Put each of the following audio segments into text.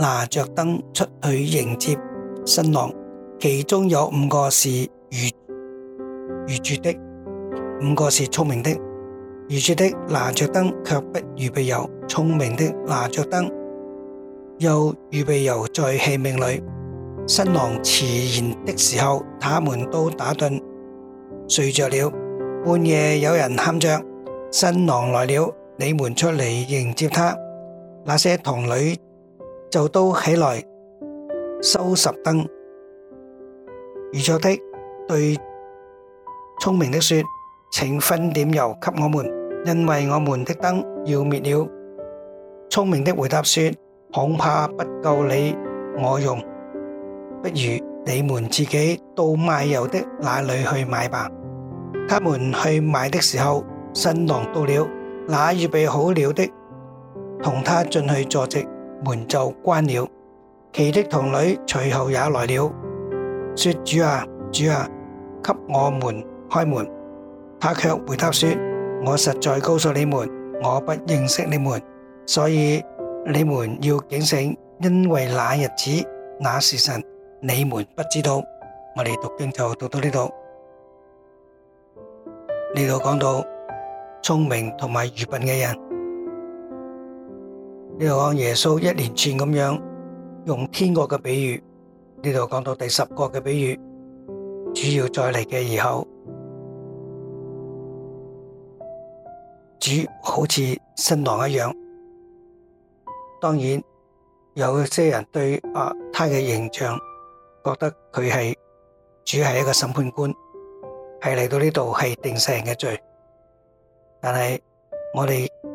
拿着燈出去迎接新郎，其中有五個是愚愚拙的，五個是聰明的。愚拙的拿着燈卻不預備油，聰明的拿着燈又預備油在器皿裏。新郎遲延的時候，他們都打盹睡着了。半夜有人喊着：新郎來了，你們出嚟迎接他。那些童女。就都起來收拾燈，愚拙的對聰明的說：請分點油給我們，因為我們的燈要滅了。聰明的回答說：恐怕不夠你我用，不如你們自己到賣油的那裏去買吧。他們去買的時候，新郎到了，那預備好了的，同他進去坐席。門就關了，其的童女隨後也來了，說主啊，主啊，給我們開門。他卻回答說：我實在告訴你們，我不認識你們，所以你們要警醒，因為那日子、那時辰你們不知道。我哋讀經就讀到呢度，呢度講到聰明同埋愚笨嘅人。呢度講耶穌一連串咁樣用天國嘅比喻，呢度講到第十個嘅比喻，主要再嚟嘅以後，主好似新郎一樣。當然，有些人對啊，他嘅形象覺得佢係主係一個審判官，係嚟到呢度係定世人嘅罪。但係我哋。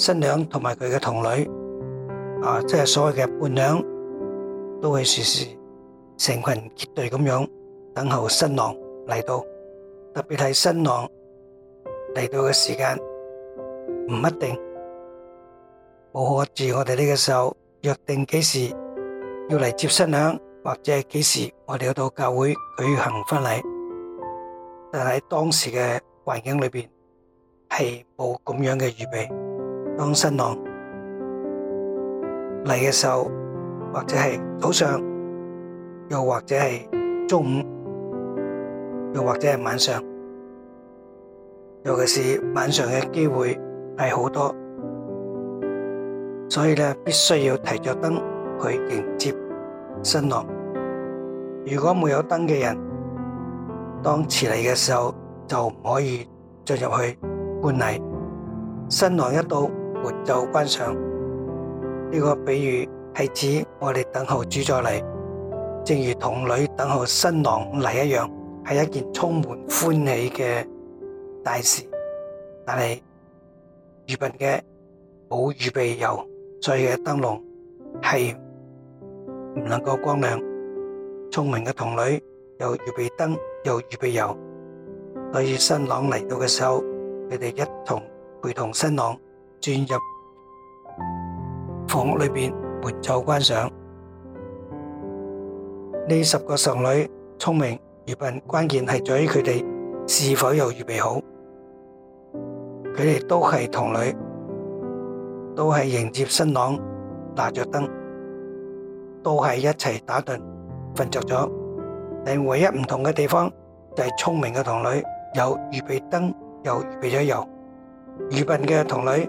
新娘同埋佢嘅同類，啊，即係所謂嘅伴娘，都會時時成群結隊咁樣等候新郎嚟到。特別係新郎嚟到嘅時間唔一定，冇可住我哋呢個時候約定幾時要嚟接新娘，或者係幾時我哋要到教會舉行婚禮。但喺當時嘅環境裏邊，係冇咁樣嘅預備。當新郎嚟嘅時候，或者係早上，又或者係中午，又或者係晚上，尤其是晚上嘅機會係好多，所以呢必須要提着燈去迎接新郎。如果沒有燈嘅人，當遲嚟嘅時候就唔可以進入去觀禮。新郎一到。門就關上。呢個比喻，係指我哋等候主再嚟，正如童女等候新郎嚟一樣，係一件充滿歡喜嘅大事。但係，預備嘅冇預備油，所以嘅燈籠係唔能夠光亮。聰明嘅童女有預備燈，有預備油，所以新郎嚟到嘅時候，佢哋一同陪同新郎，轉入房屋裏邊，門就關上。呢十個神女聰明愚笨，關鍵係在於佢哋是否有預備好。佢哋都係童女，都係迎接新郎，拿着燈，都係一齊打盹瞓着咗。你唯一唔同嘅地方就係聰明嘅童女有預備燈，又預備咗油；愚笨嘅童女。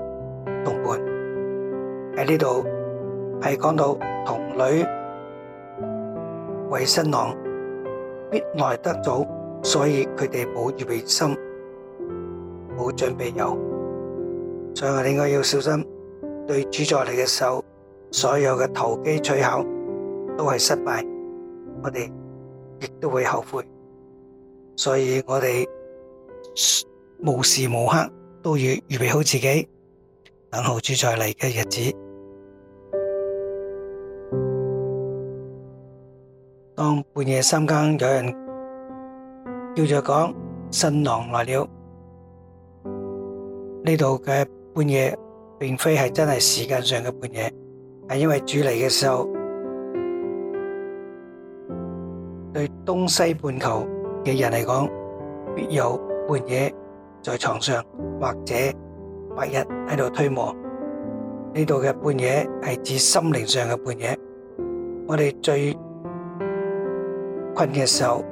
喺呢度係講到，童女為新郎必來得早，所以佢哋冇預備心，冇準備有，所以我哋應該要小心對主宰嚟嘅時候，所有嘅投機取巧都係失敗，我哋亦都會後悔，所以我哋無時無刻都要預備好自己，等候主宰嚟嘅日子。半夜三更有人叫著講，新郎來了，呢度嘅半夜並非係真係時間上嘅半夜，係因為主嚟嘅時候，對東西半球嘅人嚟講，必有半夜在床上或者白日喺度推磨。呢度嘅半夜係指心靈上嘅半夜，我哋最。瞓嘅時候，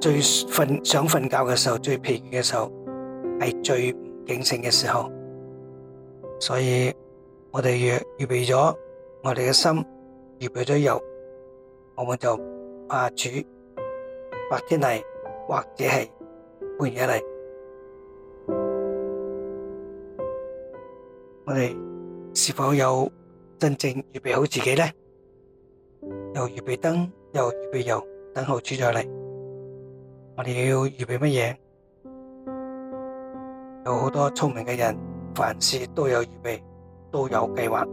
最瞓想瞓覺嘅時候，最疲倦嘅時候，係最唔警醒嘅時候。所以我哋預預備咗我哋嘅心，預備咗油，我們就啊主白天嚟，或者係半夜嚟，我哋是否有真正預備好自己咧？又預備燈，又預備油。等候主再嚟，我哋要預備乜嘢？有好多聰明嘅人，凡事都有預備，都有計劃。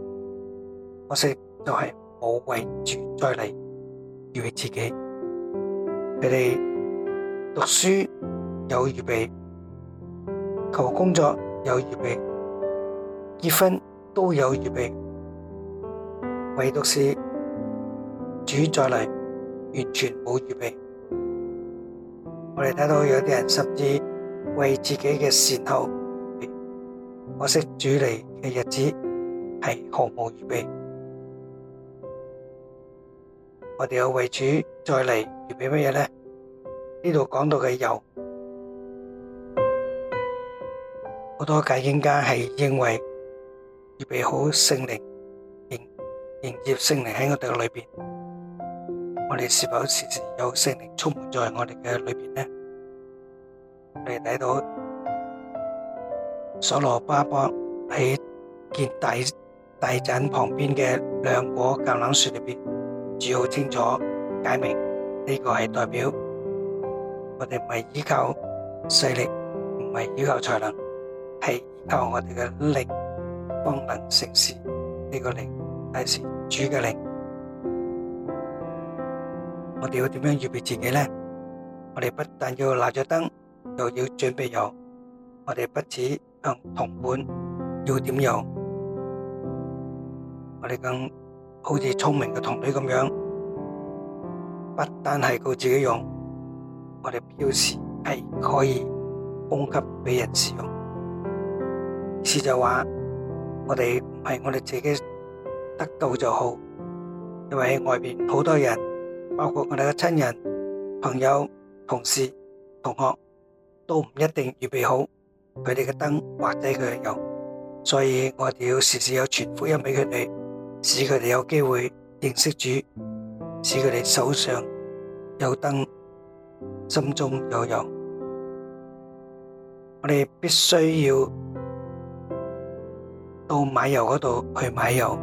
可惜就係冇為主再嚟預備自己。佢哋讀書有預備，求工作有預備，結婚都有預備，唯獨是主再嚟。完全冇預備，我哋睇到有啲人甚至為自己嘅善後，可惜主嚟嘅日子係毫無預備。我哋有為主再嚟預備乜嘢呢？呢度講到嘅有好多解經家係認為預備好聖靈迎迎接聖靈喺我哋裏邊。我哋是否時時有聖靈充滿在我哋嘅裏面呢？我哋睇到所羅巴博喺建大大枕旁邊嘅兩棵橄欖樹裏面，主要清楚解明呢、這個係代表我哋唔係依靠勢力，唔係依靠才能，係依靠我哋嘅靈，方能成事。呢、這個靈，係是主嘅靈。我哋要點樣預備自己咧？我哋不但要拿着燈，又要準備油。我哋不止向同伴要點油，我哋更好似聰明嘅同類咁樣，不單係顧自己用，我哋表示係可以供給俾人使用。意思就話，我哋唔係我哋自己得到就好，因為喺外邊好多人。包括我哋嘅親人、朋友、同事、同學，都唔一定預備好佢哋嘅燈或者佢嘅油，所以我哋要時時有傳福音俾佢哋，使佢哋有機會認識主，使佢哋手上有燈，心中有油。我哋必須要到買油嗰度去買油，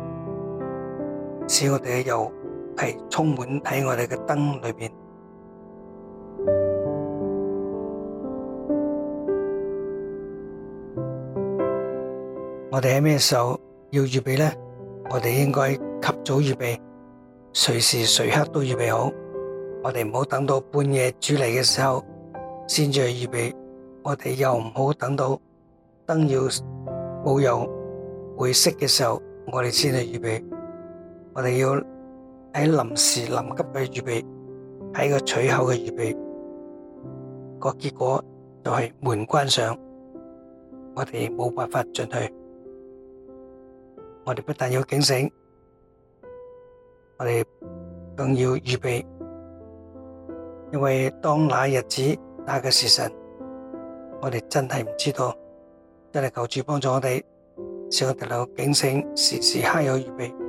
使我哋嘅油。係充滿喺我哋嘅燈裏邊。我哋喺咩時候要預備咧？我哋應該及早預備，隨時隨刻都預備好。我哋唔好等到半夜煮嚟嘅時候先至去預備。我哋又唔好等到燈要冇油會熄嘅時候，我哋先去預備。我哋要。喺臨時臨急嘅預備，喺個取巧嘅預備，個結果就係門關上，我哋冇辦法進去。我哋不但要警醒，我哋更要預備，因為當那日子，那個時辰，我哋真係唔知道，真係求主幫助我哋上第六警醒，時時刻有預備。